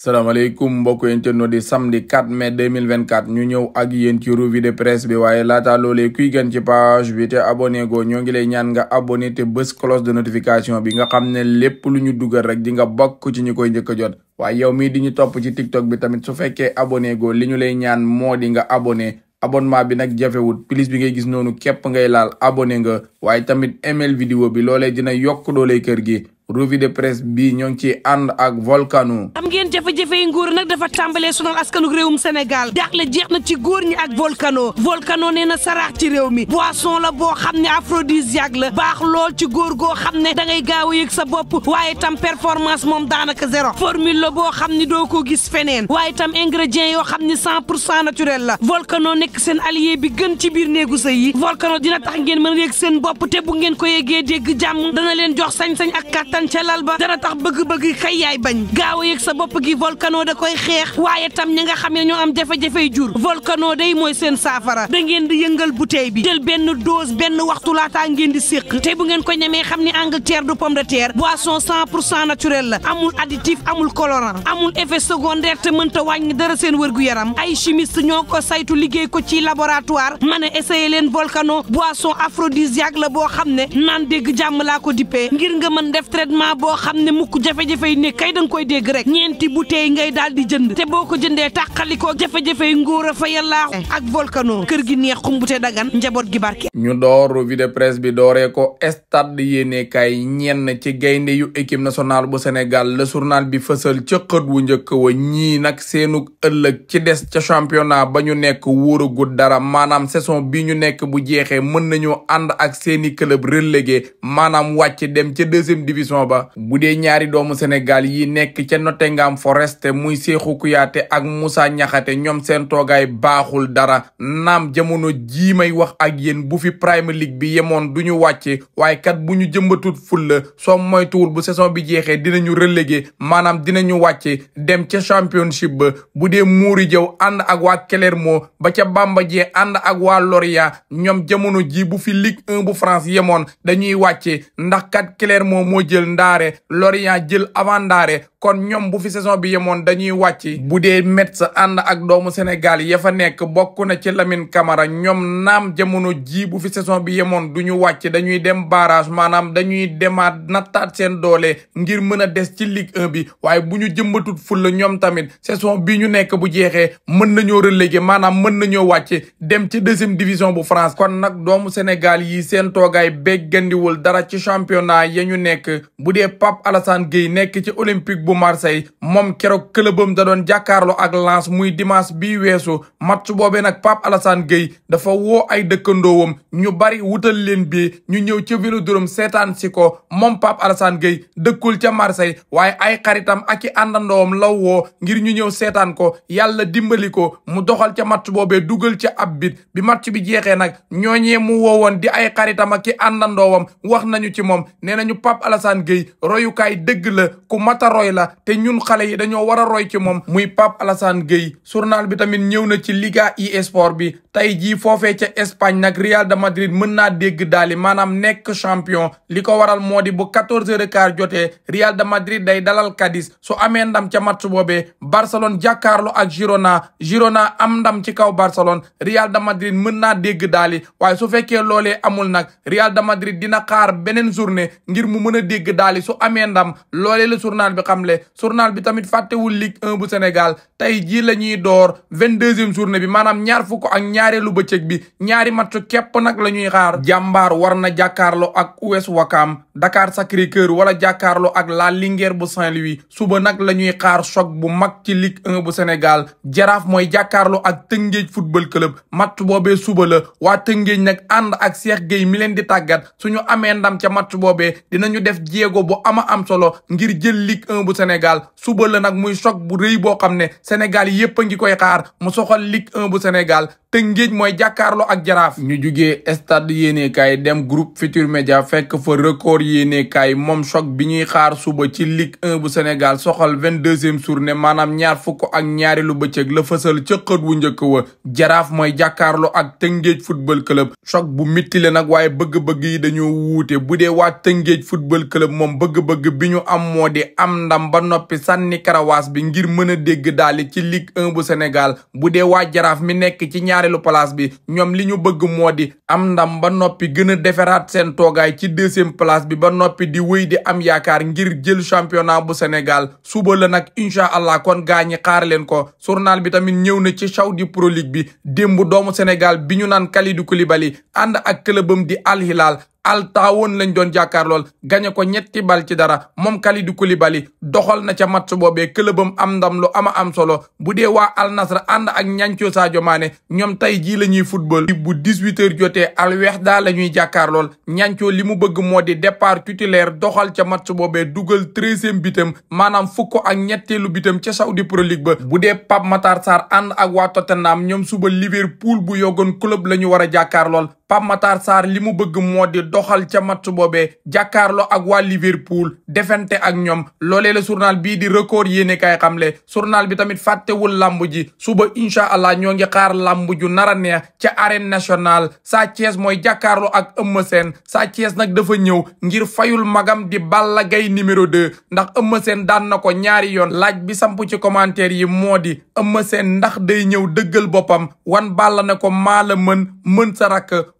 salaamaaleykum mbokk internet di samedi 4 mai 2024 ñu ñëw ak yéen ci revue de presse bi waaye laata loolee kuy gën ci bi te abonné go ñoo ngi lay ñaan nga abonné te bés cloche de notification bi nga xam ne lépp lu ñu dugal rek di nga bokk ci ñi koy njëkk a jot waaye yow mii di ñu topp ci tiktok bi tamit su fekkee abonné go li ñu lay ñaan moo di nga abonné abonnement bi nag jafewut plus bi ngay gis noonu képp ngay laal abonné nga waaye tamit email vidéo bi loolee dina yokk dooley kër gi revue de presse bi ñoo ngi ci ànd ak volcano am ngeen jafe-jafe yi nguur nag dafa tàmbalee sonal askanu réewum Sénégal daaxle jeex na ci góor ñi ak volcano volcano nee na saraax ci réew mi boisson la boo xam ne aphrodisiaque la baax lool ci góor goo xam ne da ngay gaaw a yëg sa bopp waaye tam performance moom daanaka zéro formule la boo xam ni doo ko gis feneen waaye tam ingrédients yoo xam ni naturel la volcano nekk seen allié bi gën ci biir néegu sëy a kattan ca lal ba dana tax bëgg-bëgg xëy yaay bañ gaaw a yëg sa bopp gi volcano da koy xeex waaye tam ñi nga xam ne ñoo am jafe-jafey jur volcano day mooy seen saafara da ngeen di yëngal bouteille bi jël benn dose benn waxtu laataa ngeen di séq te bu ngeen ko ñemee xam ne Angleterre du pomme de terre boisson cent pour cent naturel la amul additif amul colorant amul effet secondaire te mënta wàññi dara seen wér-gu-yaram ay chimiste ñoo ko saytu liggéey ko ci laboratoire mën a essayé leen volcano boisson aphrodisiaque la boo xam ne naan dégg jàmm laa ko dippee ngir nga mën def traitement boo xam ne mukk jafe-jafe yi ne kay da koy dégg rek ñeenti bouteille ngay daal di jënd te boo ko jëndee tàqalikoo jafe-jafe yi nguur a fa yàllaa eh. ak volcano kër gi neex xumbute dagan njaboot gi barke ñu door revue de presse bi dooree ko stade yéene kay ñenn ci gaynde yu équipe nationale bu Sénégal le journal bi fësal ca xët wu njëkk wa ñii nag seenu ëllëg ci des ca championnat ba ñu nekk wóoragul dara maanaam saison bi ñu nekk bu jeexee mën nañoo ànd ak seeni club relégué maanaam wàcc dem ca deuxième division compétition ba bu dee ñaari doomu Sénégal yi nekk ca Nottingham Forest muy Cheikhou Kouyaté ak Moussa Niakhaté ñoom seen toogaay baaxul dara naam jamono ji may wax ak yéen bu fi Premier League bi yemoon du ñu wàcce waaye kat bu ñu jëmbatut ful la soo moytuwul bu saison bi jeexee dinañu relégué maanaam dinañu wàcce dem ca championship ba bu dee muuri jëw ànd ak waa Clermont ba ca Bamba jee ànd ak waa jamono ji bu fi Ligue 1 bu France yemoon dañuy wàcce ndax kat Clermont moo jël jël ndaare Lorient jël avant ndaare kon ñoom bu fi saison bi yemoon dañuy wàcc bu dee Metz ànd ak doomu Sénégal ya fa nekk bokk na ci Lamine Camara ñoom naam jamono ji bu fi saison bi yemoon duñu wàcc dañuy dem barage maanaam dañuy demaat nattaat seen doole ngir mën a des ci Ligue 1 bi waaye bu ñu jëmbatut fulla ñoom tamit saison bi ñu nekk bu jeexee mën nañoo relégué maanaam mën nañoo wàcc dem ci deuxième division bu France kon nag doomu Sénégal yi seen toogaay béggandiwul dara bu dee Pape Alassane Gueye nekk ci olympique bu Marseille moom keroog këlëbam da doon jàkkaarloo ak Lens muy dimanche bi weesu match boobee nag Pape Alassane Gueye dafa woo ay dëkkandoowam ñu bari wutal leen bi ñu ñëw ca Vélodrome seetaan si ko moom Pape Alassane Gueye dëkkul ca Marseille waaye ay xaritam ak i àndandoowam law woo ngir ñu ñëw seetaan ko yàlla dimbali ko mu doxal ca match boobe dugal ca ab bit bi match bi jeexee nag ñooñee mu woowoon di ay xaritam ak i àndandoowam wax nañu ci moom Gueye royukaay dëgg la ku mata roy la te ñun xale yi dañoo war a roy ci moom muy Pape Alassane Gueye journal bi tamit ñëw na ci Liga e-sport bi tey jii foofee ca Espagne nag Real de Madrid mën naa dégg daali maanaam nekk champion li ko waral moo di bu 14h15 jotee Real de Madrid day dalal Cadiz su amee ndam ca match boobee Barcelone jàkkaarloo ak Girona Girona am ndam ci kaw Barcelone Real de Madrid mën naa dégg daali waaye su fekkee loolee amul nag Real de Madrid dina xaar beneen journée ngir mu mën a daali su amee ndam loolee la journal bi le journal bi tamit fàttewul Ligue 1 bu Sénégal tey jii la ñuy door vingt-deuxième journée bi maanaam ñaar fukk ak ñaareelu bëccëg bi ñaari match képp nag la ñuy xaar jàmbaar war na jàkkaarloo ak US Ouakam Dakar Sacré-Cœur wala jàkkaarloo ak La Linguère bu Saint-Louis suba nag la ñuy xaar choc bu mag ci Ligue bu Sénégal Jaraaf mooy jàkkaarloo ak Tëngéej football club match boobee suba la waa Tëngéej nag ànd ak Cheikh Gueye mi leen di tàggat suñu amee ndam ca match boobee dinañu def jéego bu ama am solo ngir jël Ligue 1 bu Sénégal suba la nag muy choc bu rëy boo xam ne Sénégal yépp a ngi koy xaar mu soxal Ligue 1 bu Sénégal Tëngéej mooy jàkkaarloo ak jaraaf. ñu jugee stade yéenekaay dem group Futur média fekk fa record yéenekaay moom choc bi ñuy xaar suba ci Ligue 1 bu Sénégal soxal vingt-deuxième journée maanaam ñaar fukk ak ñaari lu bëccëg la fësal ca xët wu njëkk wa jaraaf mooy jàkkaarloo ak Tëngéej football club choc bu mitti la nag waaye bëgg-bëgg yi dañoo ak moom bëgg-bëgg bi ñu am moo di am ndam ba noppi sànni karawaas bi ngir mën a dégg daali ci Ligue 1 bu Sénégal bu dee waa jaraaf mi nekk ci ñaareelu place bi ñoom li ñu bëgg moo di am ndam ba noppi gën a deferaat seen toogaay ci deuxième place bi ba noppi di wéy di am yaakaar ngir jël championnat bu Sénégal suba la nag incha allah kon gaa ñi xaar leen ko journal bi tamit ñëw na ci Saudi Pro League bi démb doomu Sénégal bi ñu naan Kalidou Koulibaly ànd ak clubam di Al altaawoon lañ doon jàkkaar lool gañe ko ñetti bal ci dara moom Kalidou Koulibaly doxal na ca match boobee këlëbam am ndam lu ama am solo bu dee waa Al Nasr ànd ak ñancoo Sadio Mané ñoom tey jii la ñuy football bu 18h jotee Al Wehda la ñuy jàkkaar lool li mu bëgg moo di départ titulaire doxal ca match boobee dugal treizième bitam maanaam fukk ak ñetteelu bitam ca Saudi Pro League ba bu dee Pape Matar Sarr ànd ak waa Tottenham ñoom suba Liverpool bu yogoon club la ñu war a jàkkaar Pape Matar Sarr li mu bëgg moo di doxal ca match boobee jàkkaarloo ak waa Liverpool defente ak ñoom loolee la surnal bii di record yéene kay xamle journal bi tamit fàttewul lamb ji suba incha allah ñoo ngi xaar lamb ju nar a ca arène nationale Sa Thiès mooy jàkkaarloo ak Eumeu Sène Sa Thiès nag dafa ñëw ngir fayul magam di Balla gay numéro 2 ndax Eumeu Sène daan na ko ñaari yoon laaj bi samp ci commentaire yi moo di Eumeu Sène ndax day ñëw dëggal boppam wan Balla na ko mala mën mën sa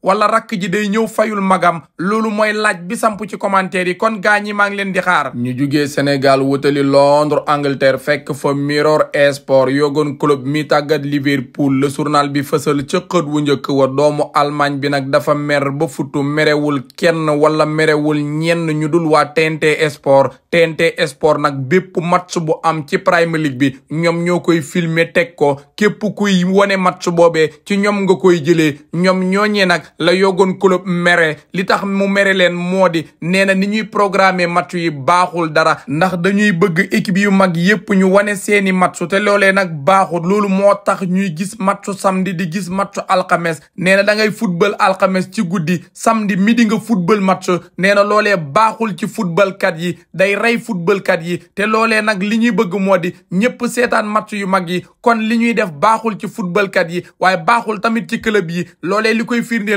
wala rakk ji day ñëw fayul magam loolu mooy laaj bi samp ci commentaire yi kon gaa ñi maa ngi leen di xaar ñu jugee Sénégal wutali Londres Angleterre fekk fa Mirror Sport yogoon club mi tàggat Liverpool le journal bi fësal ca xët wu njëkk wa doomu Allemagne bi nag dafa mer ba futu merewul kenn wala merewul ñenn ñu dul waa TNT Sport TNT Sport nag bépp match bu am ci Premier League bi ñoom ño koy filmer teg ko képp kuy wone match boobee ci ñoom nga koy jëlee ñoom ñooñee nag la yogoon club mere li tax mu mere leen moo di nee na ni ñuy programmer match yi baaxul dara ndax dañuy bëgg équipe yu mag yépp ñu wane seeni match te loolee nag baaxul loolu moo tax ñuy gis match samdi di gis match alxames nee na da ngay football alxames ci guddi samedi midi nga football match nee na loolee baaxul ci footballkat yi day rey footballkat yi te loolee nag li ñuy bëgg moo di ñépp seetaan match yu mag yi kon li ñuy def baaxul ci footballkat yi waaye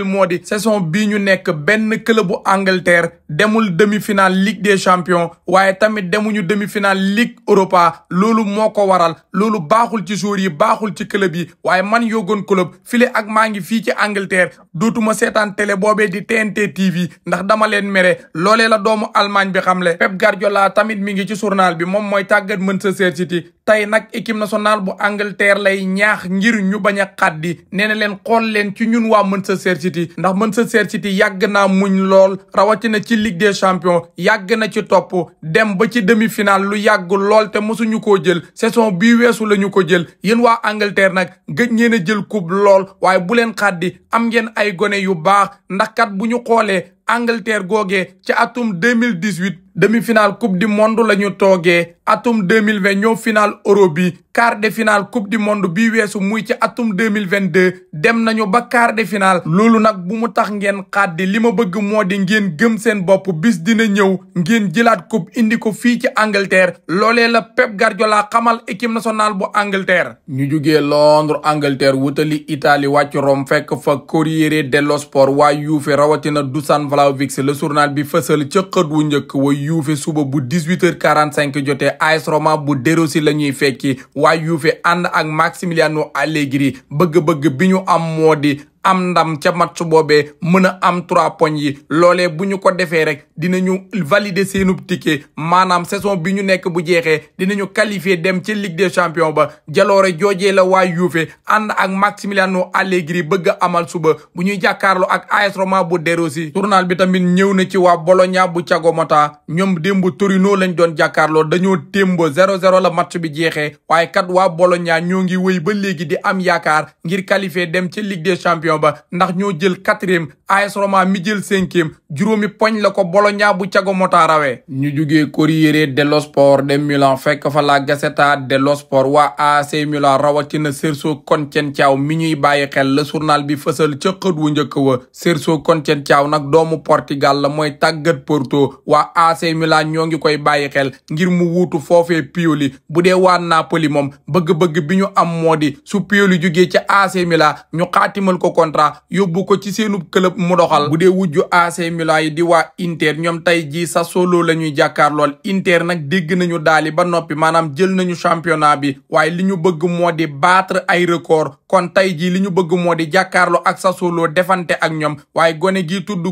firndeel di saison bii ñu nekk benn club bu Angleterre demul demi-finale Ligue des champions waaye tamit demuñu demi-finale Ligue Europa loolu moo ko waral loolu baaxul ci joueurs yi baaxul ci club yi waaye man yogoon club file ak maa ngi fii ci Angleterre dootuma seetaan télé boobee di TNT TV ndax dama leen mere loolee la doomu Allemagne bi xamle Pep Guardiola tamit mi ngi ci journal bi moom mooy tàggat Manchester City tey nag équipe nationale bu Angleterre lay ñaax ngir ñu bañ a xaddi nee na leen xool leen ci ñun waa Manchester City ndax mën Manchester City yàgg naa muñ lool rawatina ci Ligue des champions yàgg na ci topp dem ba ci demi-finale lu yàgg lool te mosuñu koo jël saison bi weesu la ñu ko jël yéen waa Angleterre nag gëj ngeen a jël coupe lool waaye bu leen xaddi am ngeen ay gone yu baax ndax kat bu ñu xoolee Angleterre googee ci atum mille 2018 demi final coupe du monde la ñu toogee atum 2020 ñoo final euro bi quart de finale coupe du monde bi weesu muy ci atum 2022 dem nañu ba quart de finale loolu nag bu mu tax ngeen xaddi li ma bëgg moo di ngeen gëm seen bopp bis dina ñëw ngeen jëlaat coupe indi ko fii ci Angleterre loolee la Pep Guardiola xamal équipe nationale bu Angleterre ñu jugee Londres Angleterre wutali Italie wàcc Rome fekk fa Corriere dello Sport waa Juve rawatina Dusan Vlahovic le journal bi fësal ca xët njëkk wa yuufe suba bu 18h45 jotee AS Roma bu Derossi la ñuy fekki waa yuufe ànd ak Maximiliano Allegri bëgg-bëgg bi ñu am moo di am ndam ca match boobee mën a am trois points yi loolee bu ñu ko defee rek dinañu valider seenub tike maanaam saison bi ñu nekk bu jeexee dinañu qualifier dem ca ligue des champions ba jaloore joojee la waa Juve ànd ak Massimiliano Allegri bëgg a amal suba bu ñuy jàkkaarloo ak AS Roma bu De Rossi journal bi tamit ñëw na ci waa Bologna bu Thiago Motta ñoom démb Torino lañ doon jàkkaarloo dañoo témbo 0-0 la match bi jeexee waaye kat waa Bologna ñoo ngi wéy ba léegi di am yaakaar ngir qualifier dem ci ligue des jooba ndax ñoo jël quatrième AS Roma mi jël cinquième juróomi poñ la ko Bologna bu Thiago Motta rawee ñu jugee Corriere dello Sport de Milan fekk fa la Gazzetta dello Sport waa AC Milan rawatina Sergio Conceição mi ñuy bàyyi xel la journal bi fësal ca xët wu njëkk wa Sergio Conceição nag doomu Portugal la mooy tàggat Porto waa AC Milan ñoo ngi koy bàyyi xel ngir mu wuutu foofee Pioli bu dee waa Napoli moom bëgg-bëgg bi ñu am moo di su Pioli jugee ci AC Milan ñu xaatimal ko contrat yóbbu ko ci seenu club mu doxal bu dee wujju AC Milan yi di waa Inter ñoom tey jii Sassuolo la ñuy jàkkaar lool Inter nag dégg nañu daali ba noppi maanaam jël nañu championnat bi waaye li ñu bëgg moo di battre ay record kon tey jii li ñu bëgg moo di jàkkaarloo ak Sassuolo defante ak ñoom waaye gone gi tudd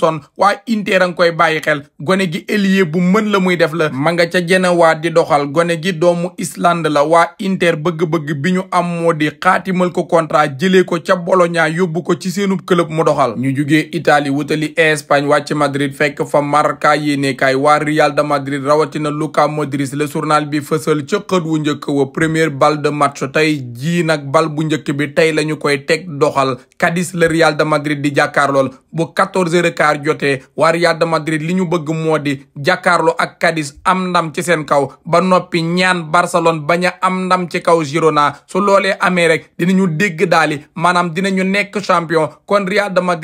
son waa Inter a ngi koy bàyyi xel gone gi ailier bu mën la muy def la ma nga ca waa di doxal gone gi doomu Islande la waa Inter bëgg-bëgg bi ñu am moo di xaatimal ko contrat jëlee ko ca Bologna yóbbu ko ci seenu club mu doxal ñu jugee Italie wutali Espagne wàcc Madrid fekk fa Marca yéenekaay waa Real de Madrid rawatina Luka Modric le journal bi fësal ca xët njëkk wo première balle de match tey jii nag bal bu njëkk bi tey la ñu koy teg doxal Cadiz le Real de Madrid di jàkkaarlool bu 14h15 jotee waa Real de Madrid li ñu bëgg moo di jàkkaarloo ak kadis am ndam ci seen kaw ba noppi ñaan Barcelone bañ a am ndam ci kaw Girona su loolee amee rek dinañu dégg daali maanaam dinañu nekk champion kon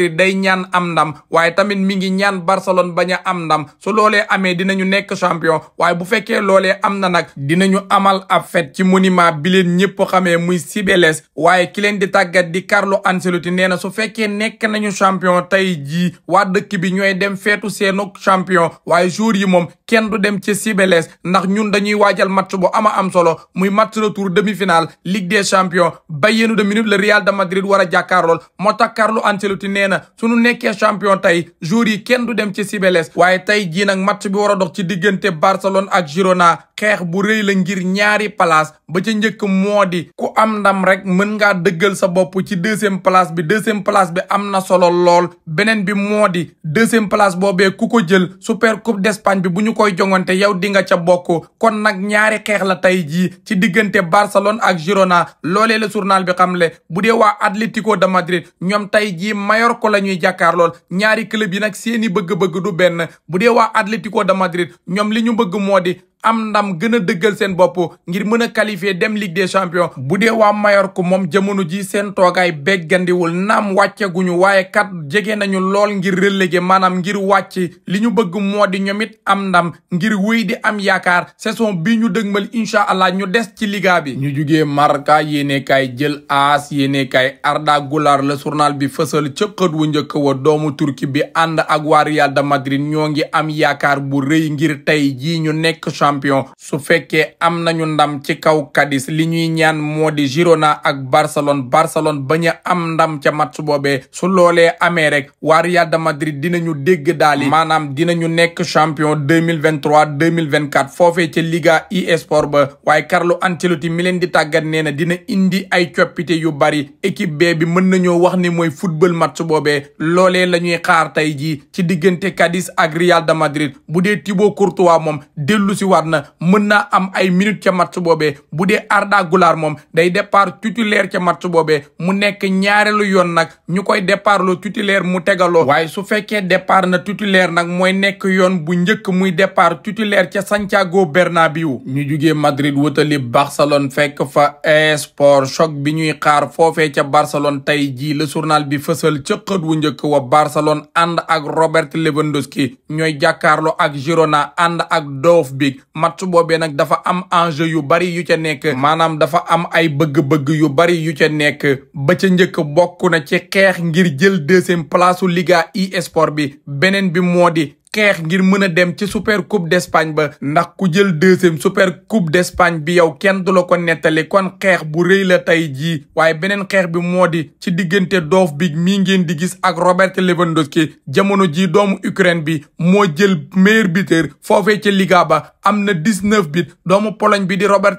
Madrid day ñaan am ndam waaye tamit mi ngi ñaan Barcelone baña am ndam su loolee amee dinañu nekk champion waaye bu fekkee loolee am na nag dinañu amal ab fête ci monument bi leen ñëpp xamee muy Cibeles waaye ki leen di tàggat di Carlo Ancelotti nee na su fekkee nekk nañu champion tey jii waa dëkk bi ñooy dem feetu seenu champion waaye jour yi kenn du dem ca Sibélès ndax ñun dañuy waajal match bu ama am solo muy match retour demi-finale Ligue des champions Bayern de Munich le Real de Madrid war a jàkkaarlool moo tax Carlo Ancelotti nee na suñu nekkee champion tey jour yi kenn du dem ca Sibélès waaye tey jii nag match bi war a dox ci diggante Barcelone ak Girona xeex bu rëy la ngir ñaari palace ba ca njëkk moo di ku am ndam rek mën ngaa dëggal sa bopp ci deuxième place bi deuxième palace bi am na solo lool beneen bi moo di deuxième place boobee ku ko jël super coupe d'Espagne bi bu ñu koy jongante yow di nga ca bokk kon nag ñaari xeex la tey jii ci diggante Barcelone ak Girona loolee la journal bi xamle bu dee waa Atlético de Madrid ñoom tey jii Mallorca la ñuy jàkkaar lool ñaari club yi nag seeni bëgg-bëgg du benn bu dee waa Atlético de Madrid ñoom li ñu bëgg moo di am ndam gën a dëggal seen bopp ngir mën a qualifier dem Ligue des champions bu dee waa Mallorca moom jamono ji seen toogaay beggandiwul naam wàcceguñu waaye kat jege nañu lool ngir relégué maanaam ngir wàcc li ñu bëgg moo di ñoom it am ndam ngir wéy di am yaakaar saison bi ñu dëgmal incha allah ñu des ci liga bi ñu jugee Marca yéene jël aas yéene kaay Arda Güler la journal bi fësal ca wu njëkk wa doomu turki bi ànd ak waa Real de Madrid ñoo ngi am yaakaar bu rëy ngir tey champion su fekkee am nañu ndam ci kaw Cadiz li ñuy ñaan moo di Girona ak Barcelone Barcelone bañ a am ndam ca match boobee su loolee amee rek waa Real de Madrid dinañu dégg daali maanaam dinañu nekk champion 2023 2024 foofee ca Liga e-sport ba waaye Carlo Ancelotti mi leen di tàggat nee na dina indi ay coppite yu bari équipe B bi mën nañoo wax ni mooy football match boobee loolee la ñuy xaar tey jii ci diggante Cadiz ak Real de Madrid bu dee Thibaut Courtois moom dellu si ñëwaat na mën naa am ay minutes ca match boobee bu dee Arda Güler moom day départ titulaire ca match boobee mu nekk ñaareelu yoon nag ñu koy départ loo titulaire mu tegaloo waaye su fekkee depar na titulaire nag mooy nekk yoon bu njëkk muy départ titulaire ca Santiago Bernabéu ñu jugee Madrid wutali Barcelone fekk fa esport choc bi ñuy xaar foofee ca Barcelone tey jii le journal bi fësal ca xët wu njëkk wa Barcelone ànd ak Robert Lewandowski ñooy jàkkaarloo ak Girona ànd ak Doof bi match boobee nag dafa am enjeu yu bari yu ca nekk maanaam dafa am ay bëgg-bëgg yu bari yu ca nekk ba ca njëkk bokk na ci xeex ngir jël deuxième place u Liga e-sport bi beneen bi moo di xeex ngir mën a dem ci super coupe d'Espagne ba ndax ku jël deuxième super coupe d'Espagne bi yow kenn du la ko nettali kon xeex bu rëy la tey jii waaye beneen xeex bi moo di ci diggante doof bi mi ngeen di gis ak Robert ki jamono jii doomu Ukraine bi moo jël meilleur buteur foofee ca Liga ba am na dix-neuf but doomu Pologne bi di Robert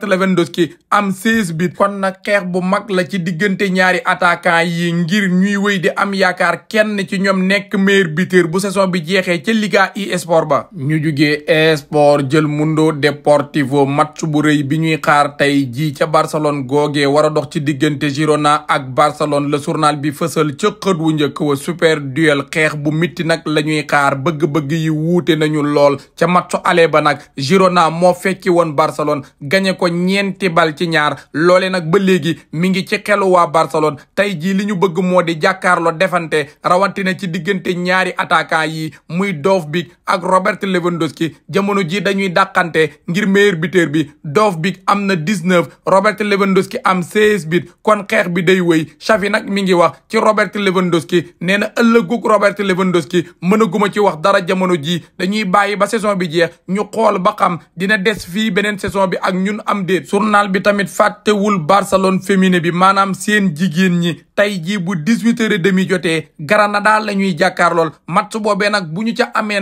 ki am seize but kon nag xeex bu mag la ci diggante ñaari attaquant yi ngir ñuy wéy di am yaakaar kenn ci ñoom nekk meilleur buteur bu saison bi jeexee ca Liga ca iSport ba ñu jugee esport jël Mundo Deportivo match bu rëy bi ñuy xaar tey jii ca Barcelone googe war a dox ci diggante Girona ak Barcelone la journal bi fësal ca xët wu njëkk wa super duel xeex bu mitti nag la ñuy xaar bëgg-bëgg yi wuute nañu lool ca matchu ale ba nag Girona moo fekki woon Barcelone gañe ko ñeenti bal ci ñaar loole nag ba léegi mi ngi ci xelu waa Barcelone tey li ñu bëgg moo di jàkkaarloo defante rawatina ci diggante ñaari attaquant yi muy Dovbyk ak Robert Lewandowski jamono ji dañuy dàqante ngir meilleur buteur bi Dovbyk am na 19 Robert Lewandowski am 16 bit kon xeex bi day wëy Xavi nag mi ngi wax ci Robert Lewandowski nee na ëllëgug Robert Lewandowski mën a guma ci wax dara jamono ji dañuy bàyyi ba saison bi jeex ñu xool ba xam dina des fii beneen saison bi ak ñun am déet journal bi tamit fàttewul Barcelone féminin bi maanaam seen jigéen ñi tey jii bu 18 heures et demi jotee Granada la ñuy jàkkaarlool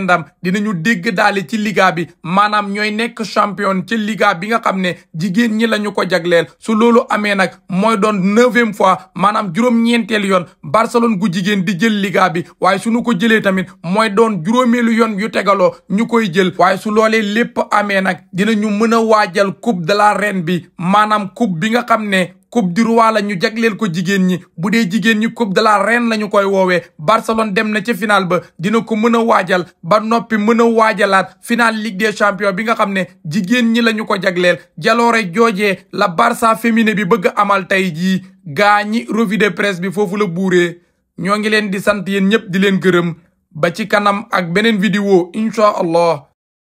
amee ndam dinañu dégg daali ci liga bi maanaam ñooy nekk champion ci liga bi nga xam ne jigéen ñi la ñu ko jagleel su loolu amee nag mooy doon neuvième fois maanaam juróom-ñeenteel yoon Barcelone gu jigéen di jël liga bi waaye suñu ko jëlee tamit mooy doon juróomeelu yoon yu tegaloo ñu koy jël waaye su loolee lépp amee nag dinañu mën a waajal coupe de la reine bi maanaam coupe bi nga xam ne coupe du roi la ñu jagleel ko jigéen ñi bu dee jigéen ñi coupe dala la reine la ñu koy woowee Barcelone dem na ci final ba dina ko mën a waajal ba noppi mën a waajalaat final Ligue des champions bi nga xam ne jigéen ñi la ñu ko jagleel jaloore joojee la Barça féminin bi bëgg amal tey jii gaa ñi revue de bi foofu la buuree ñoo ngi leen di sant yéen ñëpp di leen gërëm ba ci kanam ak beneen vidéo incha allah